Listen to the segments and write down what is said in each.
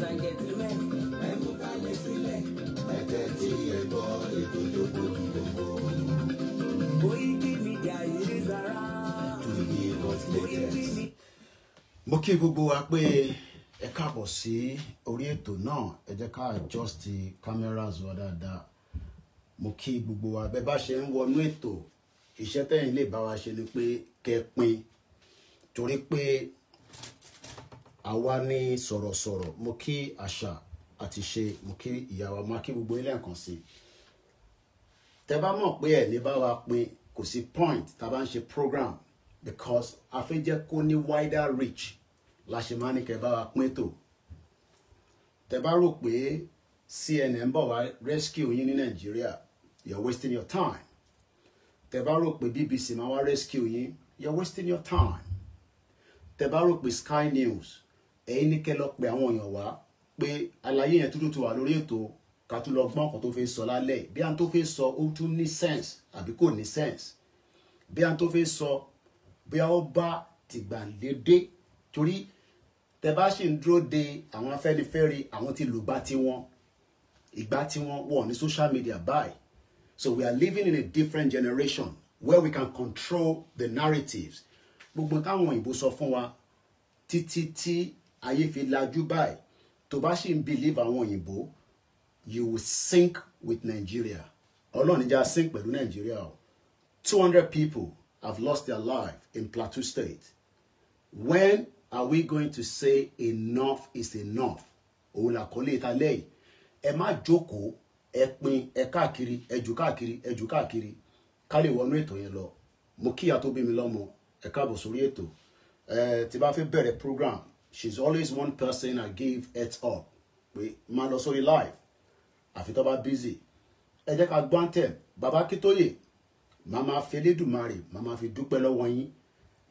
ladies and ẹ mú kálẹ̀ sílẹ̀ ẹ tẹ́tí ẹ gbọ́ ètò ìjókòó gbogbo. Koiki Media is around. Koiki Media. mo kí gbogbo wa pé ẹ káàbọ̀ sí orí ètò náà ẹ jẹ́ ká adjust cameras wa dáadáa mo kí gbogbo wa bẹ́ẹ̀ bá ṣe ń wọnú ètò iṣẹ́ tẹ̀yin lè bá wa ṣe ni pé kẹ́ pín torí pé àwa ní sọ̀rọ̀sọ̀rọ̀ mo kí àṣà àti ṣe mo kí ìyá wa máa kí gbogbo ilé nǹkan sí i tẹ bá mọ̀ pé ẹ̀ ní bá wa pin kò sí point tá a bá ń ṣe program because a fẹ́ jẹ́ kó ní wider reach la ṣe máa ní kẹ́ bá wa pin tó tẹ bá rò pé CNN bọ̀ wá rescue yín ní Nàìjíríà are wasting your time tẹ bá rò pé BBC máa wá rescue yín are wasting your time tẹ bá rò pé Sky News ẹ̀yin ní kẹ́ lọ pe àwọn èèyàn wá pé àlàyé yẹn tuntun ti wà lórí ètò ká tún lọ gbọ́n ọkàn tó fẹ́ sọ lálẹ́ bí à tó fẹ́ sọ ó tún ní sense àbí kò ní sense bí à tó fẹ́ sọ bí a ó bá tìgbàlédé torí tẹ bá ṣì ń dúró de àwọn afẹ́nifẹ́re àwọn ti lùgbà tiwọn ìgbà tiwọn wọ̀ ní social media báyìí so we are living in a different generation where we can control the narratives gbogbo táwọn òyìnbó sọ fún wa títí tí ayé fi lajú báyìí tó bá sì ń believe àwọn òyìnbó you will sink with Nigeria ọlọ́run níjà sink pẹ̀lú Nigeria o two hundred people have lost their life in Plateau State when are we going to say enough is enough òun làkọlé ìtàlẹ́ yìí ẹ má jókòó ẹ pin ẹ káàkiri ẹ jù káàkiri ẹ jù káàkiri ká lè wọnú ètò yẹn lọ mo kíyà tó bí mi lọ́mọ ẹ káàbọ̀ sórí ètò ẹ tí bá fẹ́ bẹ̀rẹ̀ program she's always one person I give it up We man also alive. I àfi about busy ẹ jẹ́ ká gbọ́n tẹ̀ bàbá kítóyè màá máa fi elédùnmarè màá máa fi dúpẹ́ lọ́wọ́ yín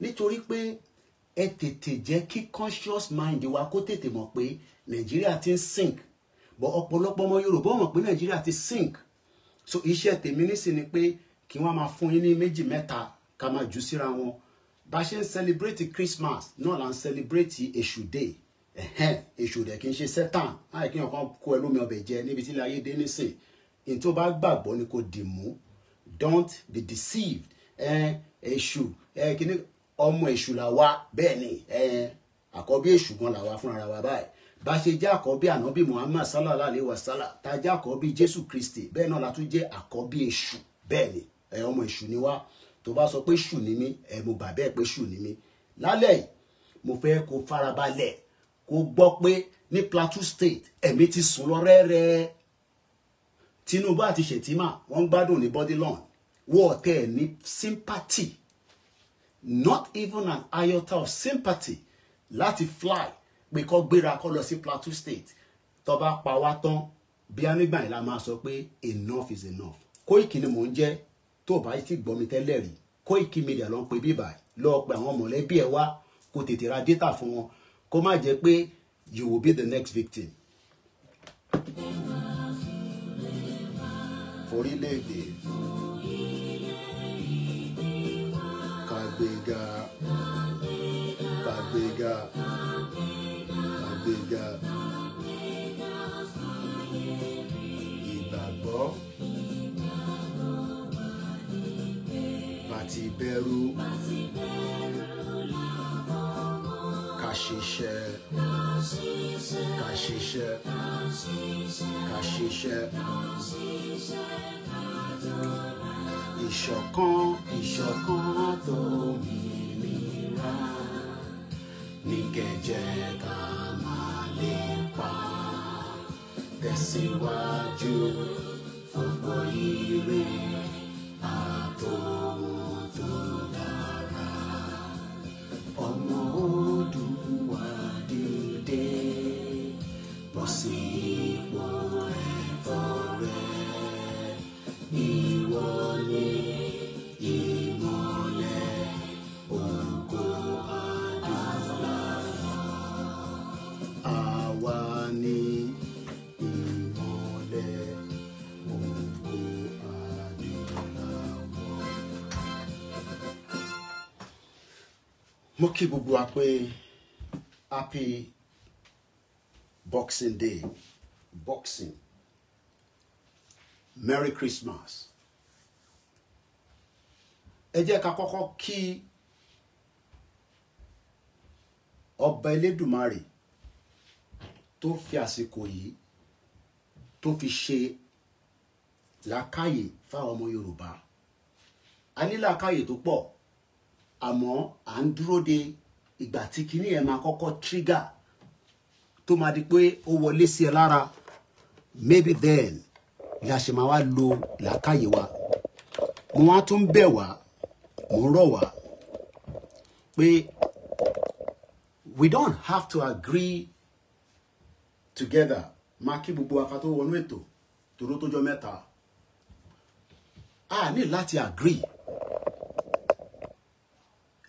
nítorí pé ẹ tètè jẹ́ kí conscious mind wa kó tètè mọ̀ pé nàìjíríà ti sink But ọ̀pọ̀lọpọ̀ ọmọ yorùbá mọ̀ pé nàìjíríà ti sink so iṣẹ́ tèmi nísìn ni pé kí wọ́n máa fún yín ní méjì mẹ́ta ká máa jù síra wọn bá celebrate Christmas náà là ń celebrate èṣù day èṣù rẹ̀ kì í ṣe satan láì kí nǹkan kó ẹ lómi ọbẹ̀ jẹ níbi tí ilé ayé dé nísìn ní tó bá gbàgbọ́ ni kò dì mú don't be deceived èṣù kíní ọmọ èṣù là wá bẹ́ẹ̀ ni àkọ́bí èṣù gan là wá fúnra wa báyìí bá ṣe jẹ́ àkọ́bí ànábì Muhammad sallallahu alayhi wa sallam tá a jẹ́ àkọ́bí Jésù Kristi bẹ́ẹ̀ náà la tún jẹ́ àkọ́bí èṣù bẹ́ẹ̀ ni ọmọ èṣù ni wá tó bá sọ pé ṣù ni mí ẹ mo bà bẹ́ẹ̀ pé ṣù ni mí lálẹ́ yìí mo fẹ́ kó farabalẹ̀ kó gbọ́ pé ní Plateau State ẹ̀mí ti sùn lọ rẹ́rẹ́ Tinubu àti Shettima wọ́n ń gbádùn ní bodilon wọ́n ọ̀tẹ̀ ní sympathy not even an iota of sympathy láti fly pé kọ́ gbéra kọ́ lọ sí Plateau State tó bá pa wá tán bí a la máa sọ pé enough is enough Koiki ni mò ń jẹ́ tó o bá ti gbọ́ mi tẹ́lẹ̀ rí Koiki Media ló ń pe bíbà lọ pe àwọn mọ̀lẹ́bí ẹ wá kó tètè ra data fún wọn kó má jẹ́ pé you will be the next victim. forílẹ̀-èdè kàgbéga. ti bẹ̀rù ká ṣiṣẹ́ ká ṣiṣẹ́ ká ṣiṣẹ́ ìṣọ̀kan ìṣọ̀kan tó mìíràn ní kẹjẹ ká máa lè pa tẹ̀síwájú fún oyire àtò. mo gbogbo wa pé happy boxing day boxing merry christmas ẹ jẹ́ ká kọ́kọ́ kí ọba elédùmarè tó fi àsìkò yìí tó fi ṣe làákàyè fáwọn ọmọ yorùbá a ní làákàyè tó pọ̀ àmọ́ à ń dúró de ìgbà tí kinní yẹn máa kọ́kọ́ trigger tó máa di pé ó wọlé sí ẹ lára maybe then la ṣe máa wá lo làákàyè wa mo wá tún bẹ̀ wá mo rọ̀ wá pé we don't have to agree together máa kí gbogbo wa ká tó wọnú ètò tòró tó jọ mẹ́ta a ní láti agree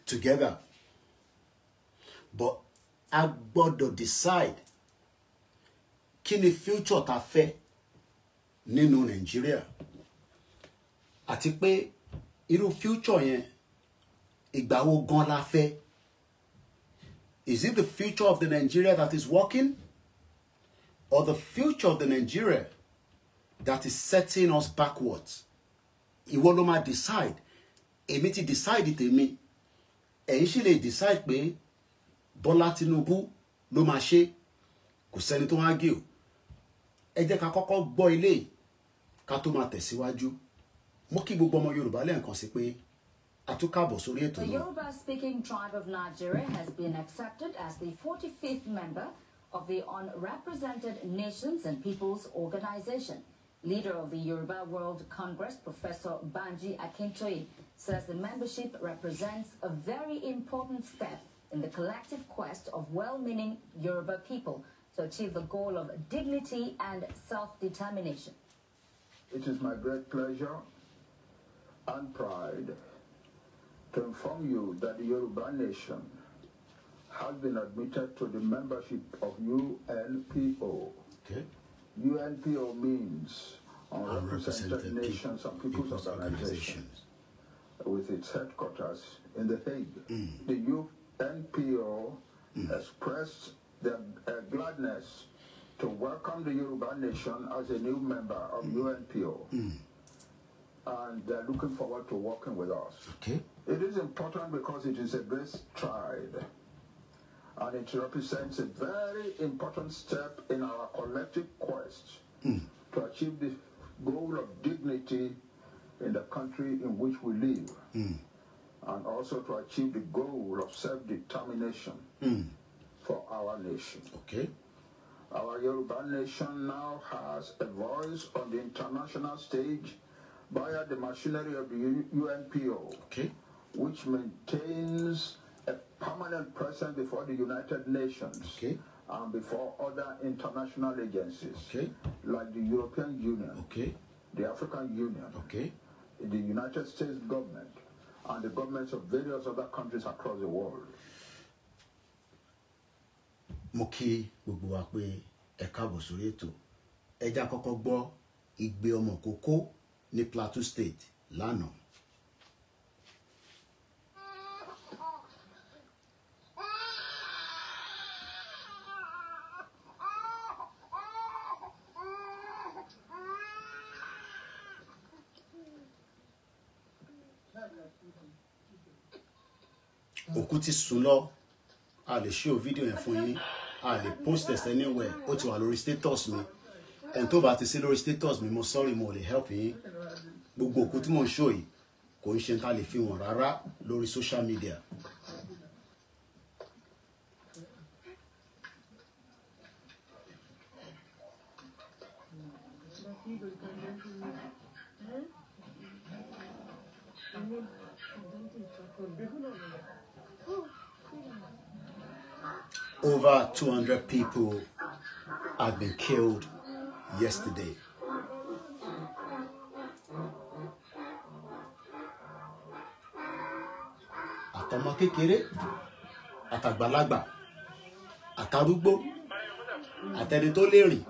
together. But a gbọ́dọ̀ decide kí ni future ta fẹ́ nínú Nàìjíríà àti pé irú future yẹn ìgbà wo gan la fẹ́ is it the future of the Nigeria that is working or the future of the Nigeria that is setting us backwards ìwọ ló máa decide èmi ti decide tèmi ẹ̀yin sì lè decide pé Bọ́lá Tinubu ló máa ṣe kò sẹ́ni tó wá gé o ẹ jẹ́ ká kọ́kọ́ gbọ́ ilé ká tó máa tẹ̀síwájú mo kí gbogbo ọmọ Yorùbá lẹ́ẹ̀kan sí pé àtúkàbọ̀ sórí ètò náà. The Yoruba-speaking tribe of Nigeria has been accepted as the forty-fifth member of the Unrepresented Nations and Peoples Organization. Leader of the Yoruba World Congress, Professor Banji Akintoye, says the membership represents a very important step in the collective quest of well-meaning Yoruba people to achieve the goal of dignity and self-determination. It is my great pleasure and pride to inform you that the Yoruba nation has been admitted to the membership of UNPO. Okay. UNPO means Unrepresented Nations and Peoples, Organizations with its headquarters in The Hague. Mm. The UNPO mm. expressed their uh, gladness to welcome the Yoruba nation as a new member of mm. UNPO. Mm. And they're looking forward to working with us. Okay. It is important because it is a great stride and it represents a very important step in our collective quest mm. to achieve the goal of dignity in the country in which we live, mm. and also to achieve the goal of self determination mm. for our nation. Okay. Our Yoruba nation now has a voice on the international stage via the machinery of the UNPO, okay. which maintains a permanent presence before the United Nations okay. and before other international agencies okay. like the European Union, Okay, the African Union, Okay. the United States government and the governments of various other countries across the world. mo kí gbogbo wa pé ẹ káàbọ̀ sórí ètò ẹja kọ́kọ́ gbọ́ igbe ọmọ kókó ní Plateau State lánàá. òkú ti sùn lọ a lè ṣe o fídíò yẹn fún yín a lè post it anywhere ó ti wà lórí status mi ẹni tó bá ti sí lórí status mi mo sorry mo lè help yín gbogbo òkú tí mo ń show yìí kò ń ṣe ta lè fi wọn rárá lórí social media. over 200 people have been killed yesterday. àtọmọ kékeré àtàgbàlagbà àtàrúgbó àtẹni tó lè rìn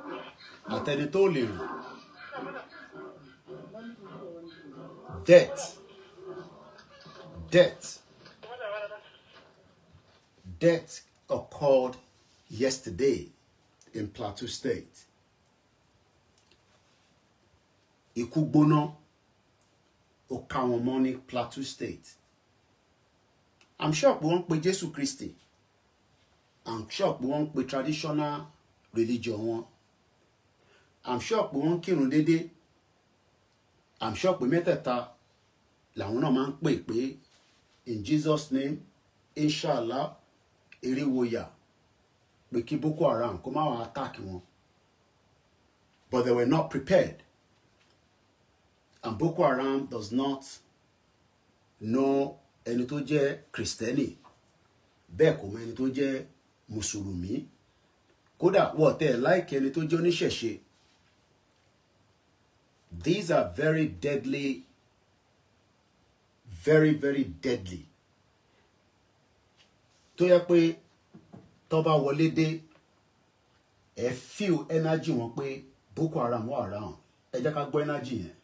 àtẹni tó lè death death death called yesterday in Plateau State. ikubono gbóná ó Plateau State. I'm sure pé wọ́n ń pe Jésù I'm sure pé wọ́n ń traditional religion I'm sure pé wọ́n ń kírun I'm sure we mẹ́tẹ̀ẹ̀ta làwọn náà máa ń pè pé in Jesus name inshallah eré wòyà pé kí Boko Haram kó má wàá attack wọn but they were not prepared and Boko Haram does not know ẹni tó jẹ́ kristẹni bẹ́ẹ̀ kò mọ ẹni tó jẹ́ mùsùlùmí kódà wọ́n tẹ̀ láìkẹ́ ẹni tó jẹ́ oníṣẹ̀ṣe these are very deadly very very deadly tó yẹ pé tó bá wọlé dé ẹ feel energy wọn pé Boko Haram wà around ẹ jẹ́ ká gbọ́ energy yẹn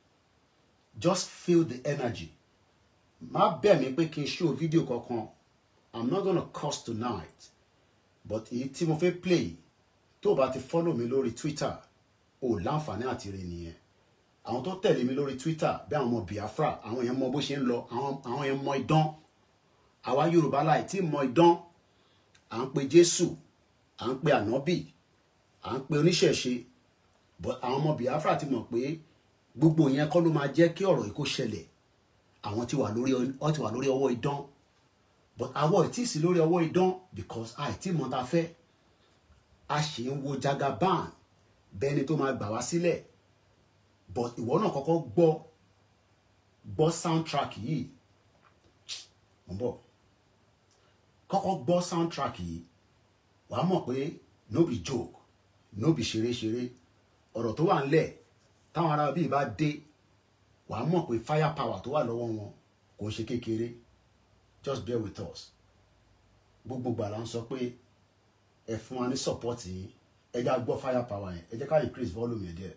just feel the energy má bẹ̀ mí pé kí n show fídíò kankan i'm not gonna curse tonight but èyí tí mo fẹ́ play tó o bá ti follow mi lórí Twitter ò láǹfààní àti rè nìyẹn àwọn tó tẹ̀lé mi lórí Twitter bí àwọn ọmọ Biafra àwọn yẹn mọ bó ṣe ń lọ àwọn yẹn mọ idán àwa yorùbá láì tí mọ idán à ń pe jésù à ń pe ànábì à ń pe oníṣẹ̀ṣe àwọn ọmọ biafra ti mọ̀ pé gbogbo yẹn kọ́ ló máa jẹ́ kí ọ̀rọ̀ yìí kó ṣẹlẹ̀ àwọn ti wà lórí ọ ti wà lórí ọwọ́ idán but àwọn ò tíì sí lórí ọwọ́ idán because àìtí mọ ta fẹ́ a ṣì ń wo jagaban bẹ́ni tó máa gbà wá sílẹ̀ but ìwọ náà kọ́kọ́ gbọ́ gbọ́ soundtrack yìí ń kọ́kọ́ gbọ́ soundtrack yìí wàá mọ̀ pé no be joke no be ṣeréṣeré ọ̀rọ̀ tó wà ńlẹ̀ táwọn ará bíi bá dé wàá mọ̀ pé fire power tó wà lọ́wọ́ wọn kò ṣe kékeré just bear with us gbogbo gbàlà ń sọ pé ẹ fún wa ní support yìí ẹ já gbọ́ fire power yẹn ẹ jẹ́ ká increase volume yẹn díẹ̀.